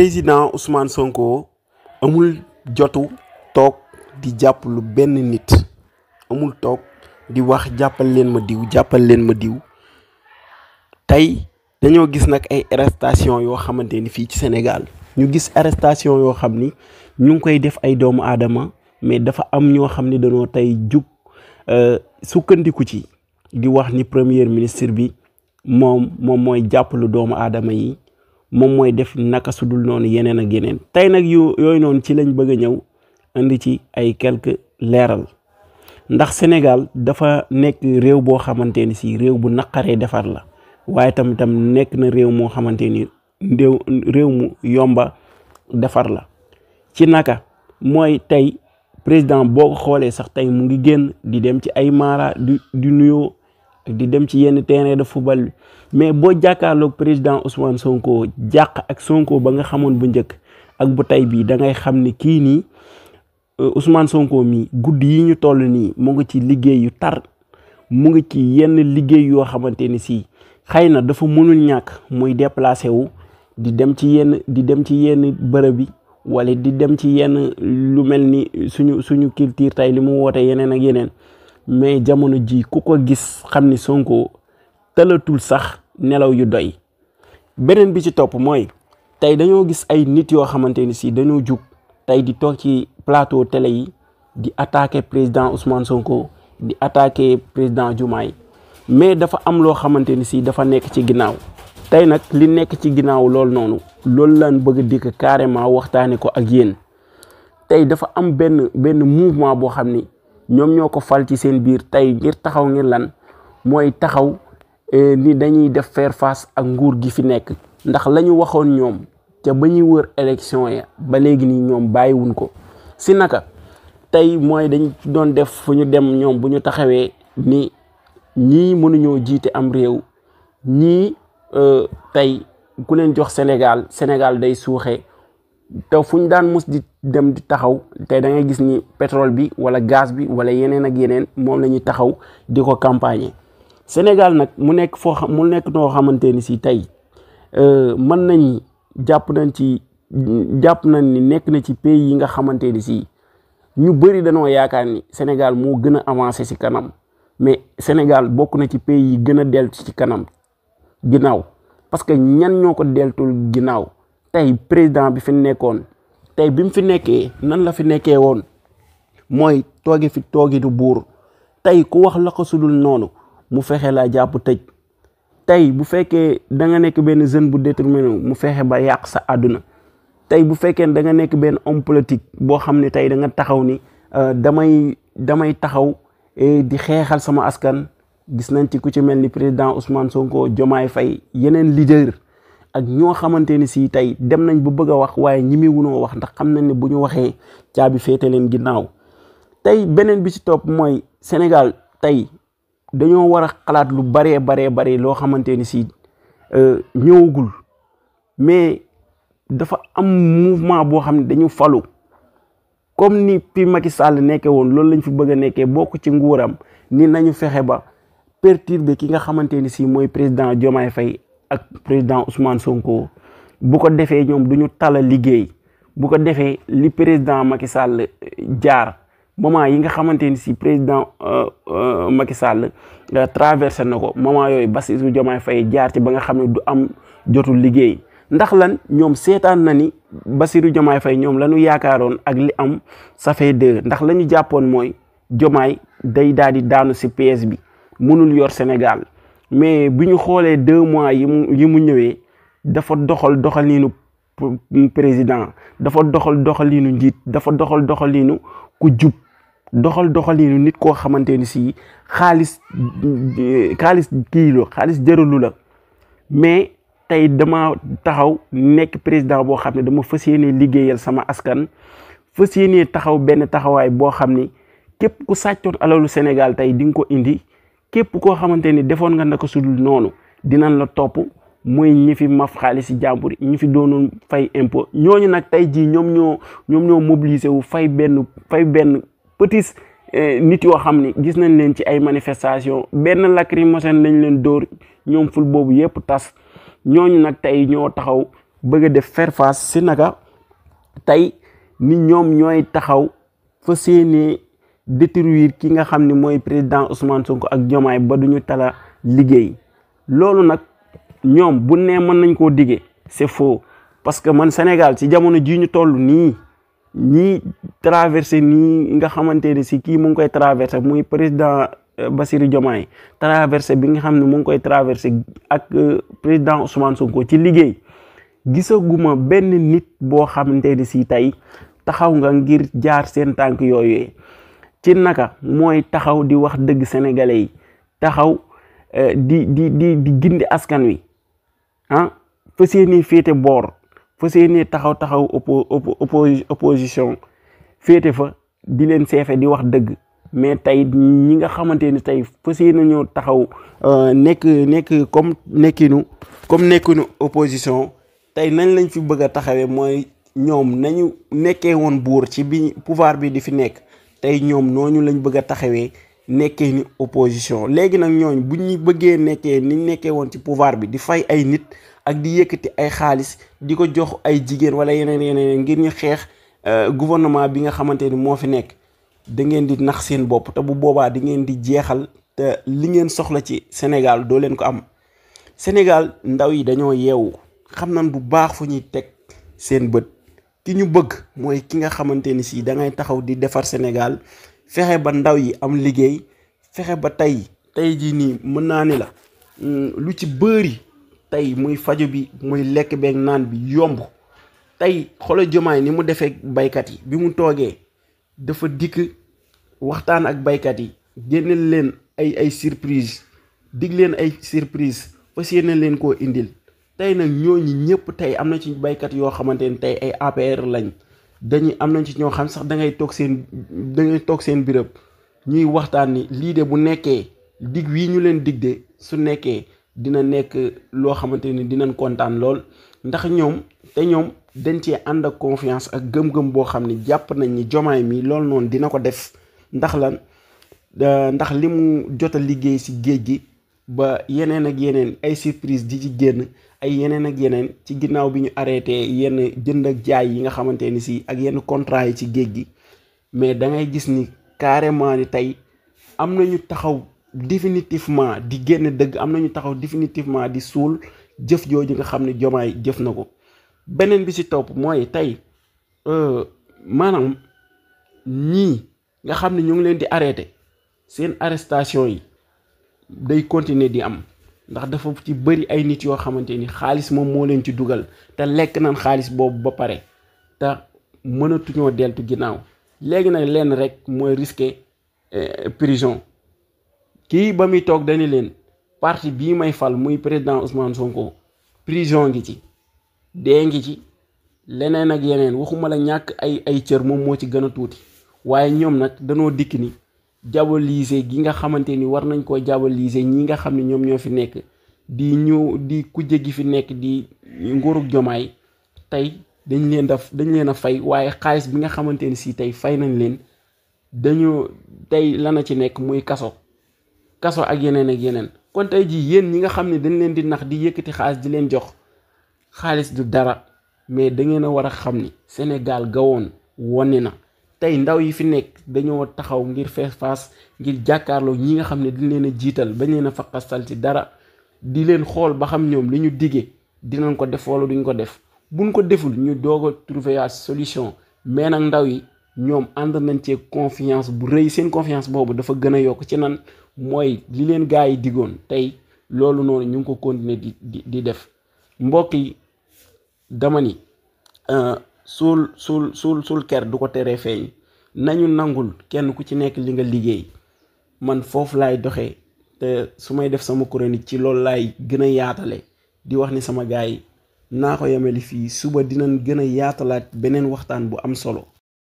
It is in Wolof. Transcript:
président Ousmane Sonko amul jotu toog di jàpp lu benn nit amul toog di wax jàppal leen ma diw jàppal leen ma diw tey dañoo gis nag ay arrestation yoo xamante ni fii ci Sénégal ñu gis arrestation yoo xam ni ñu ngi koy def ay doomu aadama mais dafa am ñoo xam ni dañoo tey jug euh, sukkandiku ci di wax ni premier ministre bi moom moom mooy jàppalu doomu aadama yi moom mooy def naka su dul noonu yeneen a yeneen tey nag yu yooyu noonu ci lañ bëgg a ñëw indi ci ay quelques leeral ndax Sénégal dafa nekk réew boo xamante ni si réew bu naqaree defar la waaye tam tam nekk na réew moo xamante ni réew réew mu yomba defar la ci naka mooy tey président boo ko xoolee sax tey mu ngi génn di dem ci ay maara di di nuyoo di dem ci yenn terrain de football bi mais boo jàkkaarloog président Ousmane Sonko jàq ak Sonko ba nga xamoon bu njëkk ak bu tey bii da ngay xam ni kii nii euh, Ousmane Sonko mii guddi yi ñu toll nii mu ngi ci liggéey yu tar mu ngi ci yenn liggéey yoo xamante ni si xëy na dafa mënul ñàkk muy déplacé wu di dem ci yenn di dem ci yenn bërëb yi wala di dem ci yenn lu mel ni suñu suñu culture tey li mu wootee yeneen ak yeneen. mais jamono ji ku ko gis xam ni Sonko talatul sax nelaw yu doy beneen bi ci topp mooy tey dañoo gis ay nit yoo xamante ni si dañoo jug tey di toog ci plateau télé yi di attaquer président Ousmane Sonko di attaquer président yi mais dafa am loo xamante ni si dafa nekk ci ginnaaw tey nag li nekk ci ginnaaw loolu noonu loolu lan bëgg dikk carrément waxtaane ko ak yéen tey dafa am benn benn mouvement boo xam ni ñoom ñoo ko fal ci seen biir tey ngir taxaw ngir lan mooy taxaw eh, ni dañuy def faire face ak nguur gi fi nekk ndax lañu waxoon ñoom ca ba ñuy wër élection ya ba léegi nii ñoom bàyyiwuñ ko si naka tey mooy dañ doon def fu ñu dem ñoom bu ñu taxawee ni ñii mënuñoo jiite am réew ñii euh, tey ku leen jox Sénégal Sénégal day suuxee te fu ñu daan mos di dem di taxaw tey da ngay gis ni pétrole bi wala gaz bi wala yeneen ak yeneen moom la ñuy taxaw di ko campagne Sénégal nag mu nekk foo xam mu nekk noo xamante ni si tey euh, mën nañ jàpp nañ ci jàpp nañ ni nekk na ci pays yi nga xamante ni si ñu bëri dañoo yaakaar ni Sénégal moo gën a avancé si kanam mais Sénégal bokk na ci pays yi gën a deltu ci kanam ginnaaw parce que ñan ñoo ko deltul ginnaaw tey président bi fi nekkoon tey bi mu fi nekkee nan la fi nekkee woon mooy tooge fi du buur tey ku wax la sudul noonu mu fexe laa jàpp tëj tey bu fekkee danga nekk benn jeune bu déterminé mu fexe ba yàq sa àdduna tey bu fekkee da nga nekk benn homme politique boo xam ne tey da nga taxaw ni euh, damay damay taxaw eh, di xeexal sama askan gis nañ ci ku ci mel ni président Ousmane Sonko Diomaye fay yeneen leader ak ñoo xamante ni si tey dem nañ bu bëgg a wax waaye ñi muy wax ndax xam nañ ne bu ñu waxee caabi féete leen ginnaaw tey beneen bi si topp mooy Sénégal tey dañoo war a xalaat lu baree baree bare loo xamante ni si euh, ñëwagul mais dafa am mouvement boo xam ne dañu falu comme ni fi Macky Sall nekkee woon loolu lañ fi bëgg a nekkee bokk ci nguuram ni nañu fexe ba perturber ki nga xamante ni si mooy président Diomaye fay ak président Ousmane Sonko bu ko defee ñoom du ñu tala liggéey bu ko defee li président Macky Sall eh, jaar moment yi nga xamante ni si président euh, euh, Macky Sall euh, traversé na ko moment yooyu Bassirou Diomaye fay jaar ci ba nga xam ne du am jotul liggéey ndax lan ñoom seetaan na ni Bassirou Diomaye fay ñoom la ñu yaakaaroon ak li am ça fait ndax la ñu jàppoon mooy Diomaye day daal di daanu si PS bi mënul yor Sénégal mais bi ñu xoolee deux mois yi mu yi mu ñëwee dafa doxal doxaliinu président dafa doxal doxaliinu njiit dafa doxal doxaliinu ku jub doxal doxaliinu nit koo xamante ni si xaalis xaalis kii la xaalis jëralu la mais tey dama taxaw nekk président boo xam ne dama fas yéene liggéeyal sama askan fas yéene taxaw benn taxawaay boo xam ni képp ku sàccoon alalu Sénégal tey di nga ko indi képp koo xamante ni defoon nga naka sudul noonu dinañ la topp muy ñi fi xaalis xaalisi jàmbur ñi fi doonoon fay impo ñooñu nag tey jii ñoom ñoo ñoom ñoo mobilisé wu fay benn fay benn petit eh, nit yoo xam ni gis nañ leen ci ay manifestation benn lacrymogène lañ leen dóor ñoom ful boobu yëpp tas ñooñu nag tey ñoo taxaw bëgg a def faire face si naka tey ni ñoom ñooy taxaw fa seenee détruire ki nga xam ni mooy président Ousmane Sonko ak Diomaye ba duñu tala liggéey loolu nag ñoom bu nee mën nañ koo diggee c'est faux parce que man Sénégal ci jamono ji ñu toll nii ñii traversé nii nga xamante ne si kii mu ngi koy traversé muy président euh, Bassirou Diomaye traversé bi nga xam ne mu ngi koy traversé ak euh, président Ousmane Sonko ci liggéey gisaguma benn nit boo xamante si tey taxaw nga ngir jaar seen tànk yooyu ci naka mooy taxaw di wax dëgg sénégalais yi taxaw euh, di di di gindi askan wi ah fas yéene féete boor fas yéene taxaw taxaw opposition féete fa di leen seefe di wax dëgg mais tey ñi nga xamante ni tey fas yéene ñoo taxaw euh, nekk nekk nekkinu comme nekkinu opposition tey nañ lañ fi bëgg a taxawee mooy ñoom nañu nekkee woon buur ci bi pouvoir bi di fi nekk tey ñoom nooñu lañ bëgg a taxawee nekkee ni opposition léegi nag ñooñ bu ñu bëggee nekkee ni nekkee woon ci pouvoir bi di fay ay nit ak di yëkkati ay xaalis di ko jox ay jigéen wala yeneen yeneen ngir ñu xeex euh, gouvernement bi nga xamante ni moo fi nekk da ngeen di nax seen bopp te bu boobaa di ngeen di jeexal te li ngeen soxla ci Sénégal doo leen ko am Sénégal ndaw yi dañoo yeewu xam nañ bu baax fu ñuy teg seen bët ki ñu bëgg mooy ki nga xamante ni si da taxaw di defar Sénégal fexe ba ndaw yi am liggéey fexe ba tey tey jii nii mën naa ni la mm, lu ci bëri tey muy fajo bi muy lekk beeg naan bi yomb tey xolo jomaay ni mu defee baykat yi bi mu toogee dafa dikk waxtaan ak baykat yi génneel leen ay ay surprise dig leen ay surprise fas yéene leen koo indil tey nag ñooñu ñëpp tey am na ci baykat yoo xamante ni tey ay APR lañ dañuy am nañ ci ñoo xam sax da ngay toog seen da ngay toog seen birëb ñuy waxtaan ni lii de bu nekkee dig wii ñu leen dig de su nekkee dina nekk loo xamante ni dinañ kontaan lool ndax ñoom te ñoom dañ cee ànd ak confiance ak gëm boo xam ni jàpp nañ ni jomaay mi loolu noonu dina ko def ndax lan ndax li mu jot liggéey si géej gi ba yeneen ak yeneen ay surprise di ci génn ay yeneen ak yeneen ci ginnaaw bi ñu arrêté yenn jënd ak jaay yi nga xamante ni si ak yenn contrat yi ci géej gi mais da ngay gis ni carrément ni tey am nañu taxaw définitivement di génn dëgg am nañu taxaw définitivement di suul jëf jooju nga xam ne jomaay jëf na ko beneen bi si topp mooy tey euh, maanaam ñii nga xam ne ñoo ngi leen di arrêté seen arrestation yi day continuer di am ndax dafa ci bëri ay nit yoo xamante ni xaalis moom moo leen ci dugal te lekk nan xaalis boobu ba pare te mënatuñoo deltu ginnaaw léegi nag leen rek mooy risqué eh, prison kii ba muy toog dañu leen parti bii may fal muy président Ousmane Sonko prison ngi ci dee ngi ci leneen ak yeneen waxuma la ñàkk ay ay cër moom moo ci gën a tuuti waaye ñoom nag danoo dikk ni diaboliser gi nga xamante ni war nañ koo diaboliser ñi nga xam ne ñoom ñoo fi nekk di ñu di kujje gi fi nekk di nguurug jomaay tey dañ leen daf dañ leen a fay waaye xaalis bi nga xamante ni sii tey fay nañ leen dañu tey lana ci nekk muy kaso kaso ak yeneen ak yeneen kon tey jii yéen ñi nga xam ne dañ leen di nax di yëkkati xaalis di leen jox xaalis du dara mais da ngeen a war a xam ni Sénégal gawoon wone na tey ndaw yi fi nekk dañoo taxaw ngir face face ngir jàkkaarloo ñi nga xam ne dañ leen a jiital ba leen a faqastal ci dara di leen xool ba xam ñoom li ñu diggee dinañ ko def wala duñu ko def buñ ko deful ñu doog a trouver solution mais nag ndaw yi ñoom ànd nañ cee confiance bu rëy seen confiance boobu dafa gën a yokk ci nan mooy li leen gaa yi diggoon tey loolu noonu ñu ngi ko continuer di di di def mbokk yi dama ni euh, suul suul suul suul ker du ko teree feeñ nañu nangul kenn ku ci nekk li nga liggéey man foofu laay doxee te su may def sama chronique ci loolu laay gën a yaatale di wax ni sama gars yi naa ko yemeli fii suba dinañ gën a yaatalaat beneen waxtaan bu am solo